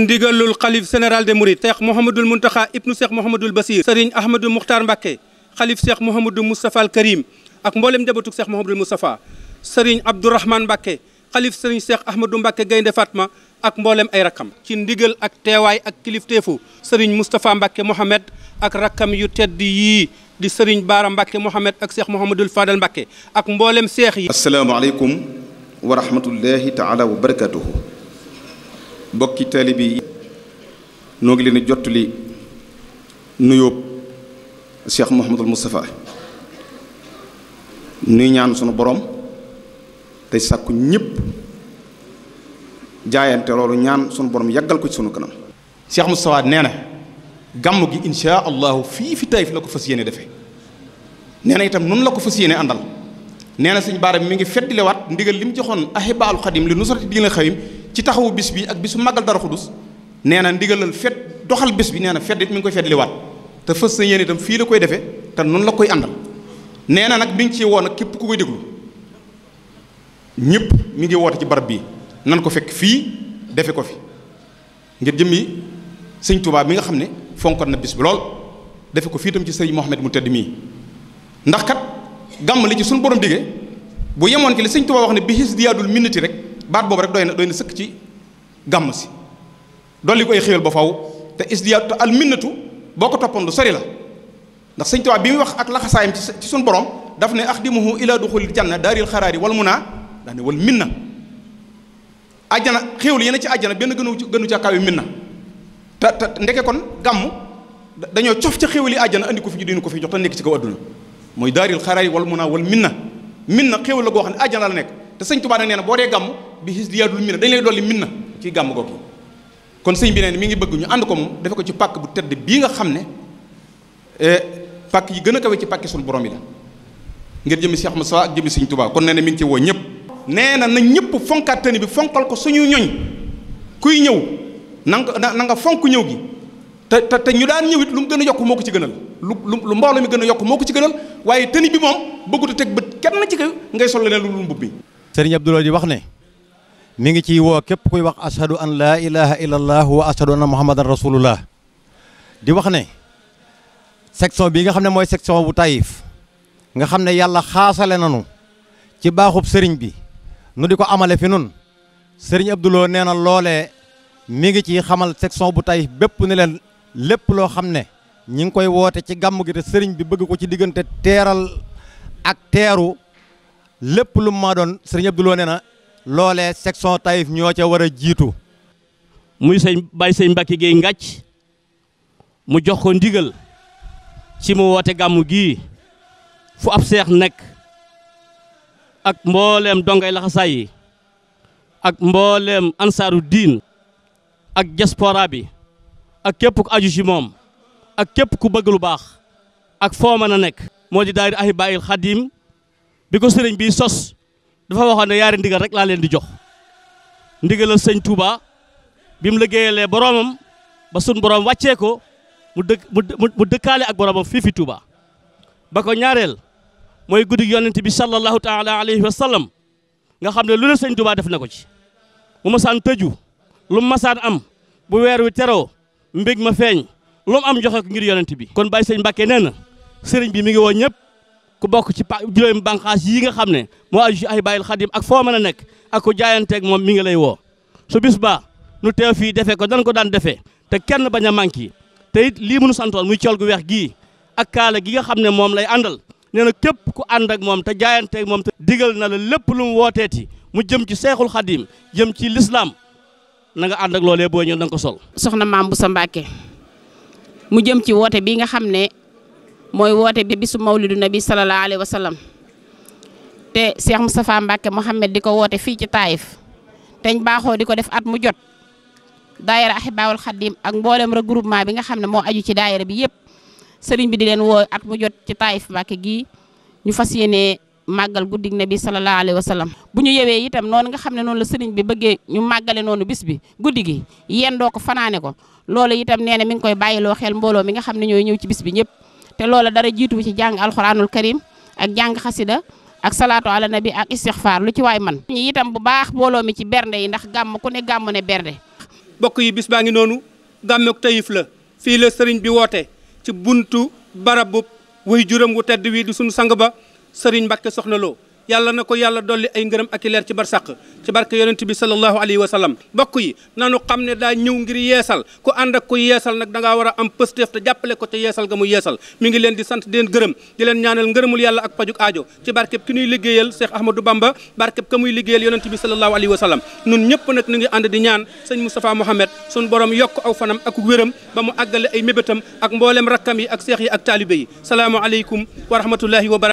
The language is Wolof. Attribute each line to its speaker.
Speaker 1: ndigalul xalif seneral de Mouride Cheikh Mouhamadul Mountakha ibnu Cheikh Mouhamadul Basir Serigne Ahmadou Moukhtar Mbacké xalif Cheikh Mouhamadou Moustapha al Karim ak mboolem njabootu Cheikh Mouhamadul Moustapha Serigne Abdourahmane Mbacké xalif Serigne Cheikh Ahmadou Mbacké Gaynde Fatma ak mboolem ay rakam ci ndigal ak teewaay ak kilifteefu Serigne Moustapha Mbacké Mohamed ak rakkam yu tedd yii di sëriñ Baara Mbacke Mouhamed ak seex Mouhamadul Fadal Mbacke ak mboolem seex yi.
Speaker 2: asalaamaaleykum wa rahmatullahi taala wa barakatuhu mbokki taalibe yi noo ngi leen di jottali nuyoo seex Mouhamadul nuy ñaan sunu borom te sàkku ñépp jaayante loolu ñaan sunu borom yàggal ko ci sunu kanam. seex Moustapha nee na. gàmm gi insha allahu fii fi Taif la ko fas yéene defee nee na itam noonu la ko fas yéene àndal nee na sëñ Baara mi ngi feddliwaat ndigal li mu joxoon ahibaalu xadim li nusrati diina xawim ci taxawu bis bi ak bisu maggal dara xudus nee na ndigalal fet doxal bis bi nee na fedd it mi ngi koy feddliwaat te fas sa yéene itam fii la koy defee te noonu la koy àndal nee na nag mi ngi ciy woon ak képp ku koy déglu ñëpp mi ngi woote ci barab bii nan ko fekk fii defe ko fi ngir jëmmi sëñ tubaa bi nga xam ne fonkoon na bis bi lool defe ko fii tam ci sëriñ Mouhamed mu tedd mii ndax kat gàmm li ci suñu borom digee bu yemoon ci li sëñ Touba wax ne bi xis diyaadul minati rek baat boobu rek dooy na doy na sëkk ci gàmm si dolli ko koy xéwal ba faw te is diyaatu al minnatu boo ko toppoon lu sori la ndax sëñ Touba bi muy wax ak laxasaayam ci suñ borom daf ne axdimuhu ilaa duxulil janna daaril xaraari wal munaa daa ne wal minna àjjana xéwal yi ne ci àjjana benn gënu gënu ca kaw te te ndeke kon gàmm dañoo cof ca xéwali àjjana indi ko fi ñu dinu ko fi jox te nekk ci kaw adduna mooy daaril xaraay wal mun a wal min na min na xéwal la goo xam ne àjjana la nekk te sëñ Tuubaa nag nee na boo dee gàmm bi xis di yaadul min na dañ lay dolli min na ci gàmm googu kon sëñ bi nee na mi ngi bëgg ñu ànd ko moom defe ko ci pàkk bu tedd bi nga xam ne eh, pàkk yi gën a kawe ci pàkki suñu borom yi la ngir jëmi Cheikh Moussa ak jëmi sëñ Tuubaa kon nee mi ngi ci woo ñëpp nee na na ñëpp fonkaat tani bi fonkal ko suñu ñoñ kuy ñëw na na nga fonk ñëw gi te te te ñu daan ñëwit it lu mu gën a yokk moo ko ci gënal lu lu mbooloo mi gën a yokk moo ko ci gënal waaye tëni bi moom bëggut a
Speaker 3: teg bët kenn ci kaw ngay sol leneen lu lu mbub bi. Serigne Abdoulaye di wax ne mi ngi ciy woo képp kuy wax ashadu an laa ilaha illallah wa ashadu anna muhammadan rasulullah di wax ne section bii nga xam ne mooy section bu Taïf nga xam ne yàlla xaasale nanu ci baaxub sëriñ bi nu di ko amale fi nun Serigne Abdoulaye nee na loolee. mi ngi ci xamal section bu tey bépp ne leen lépp loo xam ne ñi ngi koy woote ci gàmm gi te sëriñ bi bëgg ko ci diggante teeral ak teeru lépp lu maa doon sëriñ Abdoulaye nee na loole section Taïf ñoo ca war a jiitu. muy sëñ bay sëñ Mbacke Gueye ngàcc
Speaker 4: mu jox ko ndigal ci mu woote gàmm gii fu ab seex nekk ak mbooleem dongay laxasaay yi ak mbooleem ansaaru diin. ak diaspora bi ak képp ku aju ci moom ak képp ku bëgg lu baax ak foo mën a nekk. moo di daayira Ahibaahil Xadim bi ko sëriñ bi sos dafa waxoon ne yaari ndigal rek laa leen di jox ndigalal sëñ Touba bi mu liggéeyalee boromam ba sun borom wàccee ko mu dëkk mu dëkkaale ak boromam fii fi Touba ba ko ñaareel mooy guddi yonent bi sallallahu taala alayhi wa nga xam ne lu ne sëñ Touba def na ko ci mu masaan tëju. lu masaan am bu weer wi teroo mbég ma feeñ lu am joxe ko ngir yonent bi kon Baye Sëñ Mbàkke nee na sëriñ bi mi ngi woo ñëpp ku bokk ci juróomi bànqaas yi nga xam ne moo aju ay bàyyil xadim ak foo mën a nekk ak ku jaayanteeg moom mi ngi lay woo su bis baa nu teew fii defee ko nan ko daan defee te kenn bañ a manqué te it lii mënu santoon muy col gu weex gii ak kaala gi nga xam ne moom lay àndal nee na képp ku ànd ak moom te jaayanteeg moom te digal na la lépp lu mu wooteeti mu jëm ci seexul jëm ci lislaam na nga ànd ak loolee boo ñëw da nga ko sol.
Speaker 5: soxna maam bu sa mbaake mu jëm ci woote bi nga xam ne mooy woote bi bisu mawlidu nabi sallallahu alayhi wa sallam te Cheikh Moustapha Mbàkke Mouhamed di ko woote fii ci Taïf teñ baaxoo di ko def at mu jot daayira Ahibaawul Xaddiim ak mboolem rek groupement bi nga xam ne moo aju ci daayira bi yëpp sëriñ bi di leen woo at mu jot ci Taïf Mbàkke gi ñu fas màggal guddig nabi sallallahu alayhi wa sallam bu ñu yewee itam noonu nga xam ne noonu la sëriñ bi bëggee ñu màggale noonu bis bi guddi gi yendoo ko fanaane ko loolu itam nee na mi ngi koy bàyyiloo xel mbooloo mi nga xam ne ñooy ñëw ci bis bi ñëpp te loola dara jiituwu ci jàng alxuraanul karim ak jàng xasida ak salaatu ala nabi ak istixfaar lu ci waay man ñi itam bu baax mbooloo mi ci bernde yi ndax gàmm ku ne gàmm ne bernde
Speaker 1: bokk yi bis baa ngi noonu gàmmeek tayif la fii la sëriñ bi woote ci buntu barab bu way juróom wu tedd wii di sunu sang ba sëriñ Mbàkke soxna loo yàlla na ko yàlla dolli ay ngërëm ak i leer ci barsàq ci barke yonent bi sallallahu alayhi wa sallam mbokk war a am pësteef te jàppale ko te yeesal ga mu yeesal mi ngi leen di sant di leen gërëm di leen ñaanal ngërëmul yàlla ak pajuk aajo ci barkeb ki nuy liggéeyal Cheikh Ahmadou Bamba barkeb ka muy liggéeyal yonent bi sallallahu alayhi wa sallam nun ñëpp nag ñu ngi ànd di ñaan sëñ Moustapha Mohamed borom yokk aw fanam ak wéram ba mu àggale ay mébétam ak mboolem rakkam yi ak seex yi ak taalibe yi salaamu aleykum wa rahmatullahi wa